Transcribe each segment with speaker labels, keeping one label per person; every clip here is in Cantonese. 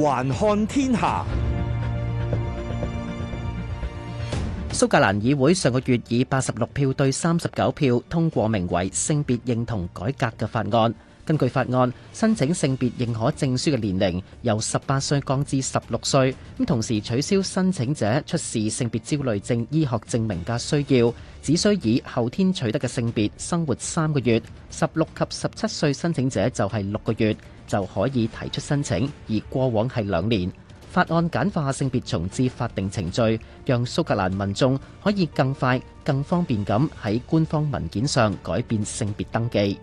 Speaker 1: 環看天下，蘇格蘭議會上個月以八十六票對三十九票通過名為性別認同改革嘅法案。根據法案，申請性別認可證書嘅年齡由十八歲降至十六歲，咁同時取消申請者出示性別焦慮症醫學證明嘅需要，只需以後天取得嘅性別生活三個月，十六及十七歲申請者就係六個月就可以提出申請，而過往係兩年。法案簡化性別重置法定程序，讓蘇格蘭民眾可以更快、更方便咁喺官方文件上改變性別登記。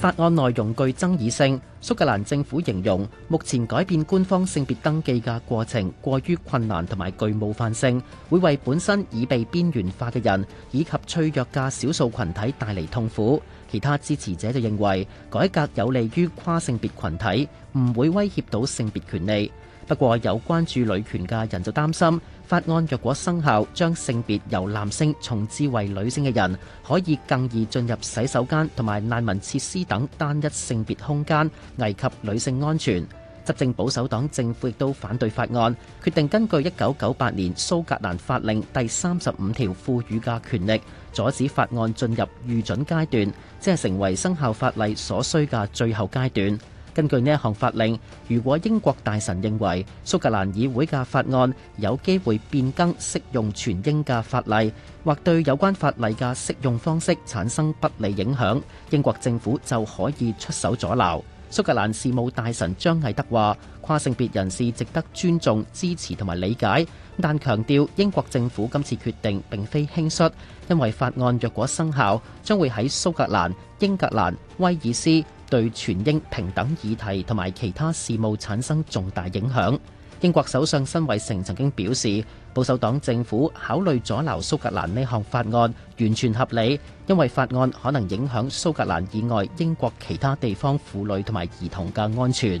Speaker 1: 法案內容具爭議性，蘇格蘭政府形容目前改變官方性別登記嘅過程過於困難同埋具冒犯性，會為本身已被邊緣化嘅人以及脆弱嘅少數群體帶嚟痛苦。其他支持者就認為改革有利於跨性別群體，唔會威脅到性別權利。不過有關注女權嘅人就擔心，法案若果生效，將性別由男性重置為女性嘅人，可以更易進入洗手間同埋難民設施等單一性別空間，危及女性安全。執政保守黨政府亦都反對法案，決定根據一九九八年蘇格蘭法令第三十五條賦予嘅權力，阻止法案進入御准階段，即係成為生效法例所需嘅最後階段。根據呢一項法令，如果英國大臣認為蘇格蘭議會嘅法案有機會變更適用全英嘅法例，或對有關法例嘅適用方式產生不利影響，英國政府就可以出手阻撓。蘇格蘭事務大臣張毅德話：跨性別人士值得尊重、支持同埋理解，但強調英國政府今次決定並非輕率，因為法案若果生效，將會喺蘇格蘭、英格蘭、威爾斯對全英平等議題同埋其他事務產生重大影響。英國首相辛偉誠曾經表示，保守黨政府考慮阻撓蘇格蘭呢項法案，完全合理，因為法案可能影響蘇格蘭以外英國其他地方婦女同埋兒童嘅安全。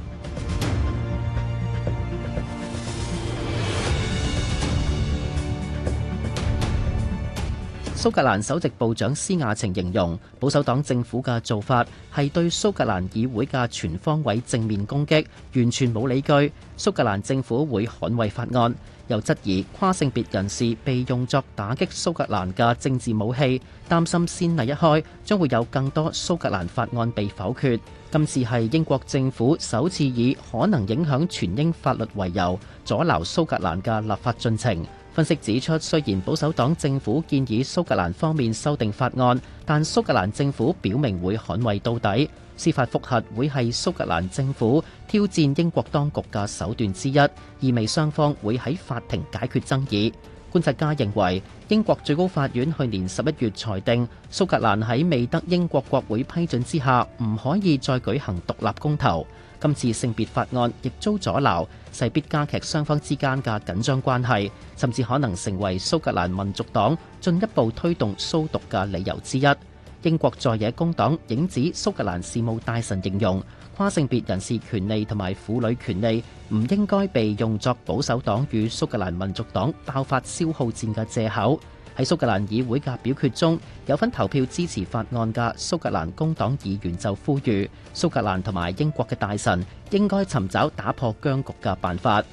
Speaker 1: 蘇格蘭首席部長施雅晴形容保守黨政府嘅做法係對蘇格蘭議會嘅全方位正面攻擊，完全冇理據。蘇格蘭政府會捍衛法案，又質疑跨性別人士被用作打擊蘇格蘭嘅政治武器，擔心先例一開，將會有更多蘇格蘭法案被否決。今次係英國政府首次以可能影響全英法律為由，阻撓蘇格蘭嘅立法進程。分析指出，雖然保守黨政府建議蘇格蘭方面修訂法案，但蘇格蘭政府表明會捍衛到底。司法覆核會係蘇格蘭政府挑戰英國當局嘅手段之一，意味雙方會喺法庭解決爭議。觀察家認為，英國最高法院去年十一月裁定蘇格蘭喺未得英國國會批准之下，唔可以再舉行獨立公投。今次性別法案亦遭阻撓，勢必加劇雙方之間嘅緊張關係，甚至可能成為蘇格蘭民族黨進一步推動蘇獨嘅理由之一。英國在野工黨影子蘇格蘭事務大臣形容。跨性別人士權利同埋婦女權利唔應該被用作保守黨與蘇格蘭民族黨爆發消耗戰嘅借口。喺蘇格蘭議會嘅表決中，有份投票支持法案嘅蘇格蘭工黨議員就呼籲蘇格蘭同埋英國嘅大臣應該尋找打破僵局嘅辦法。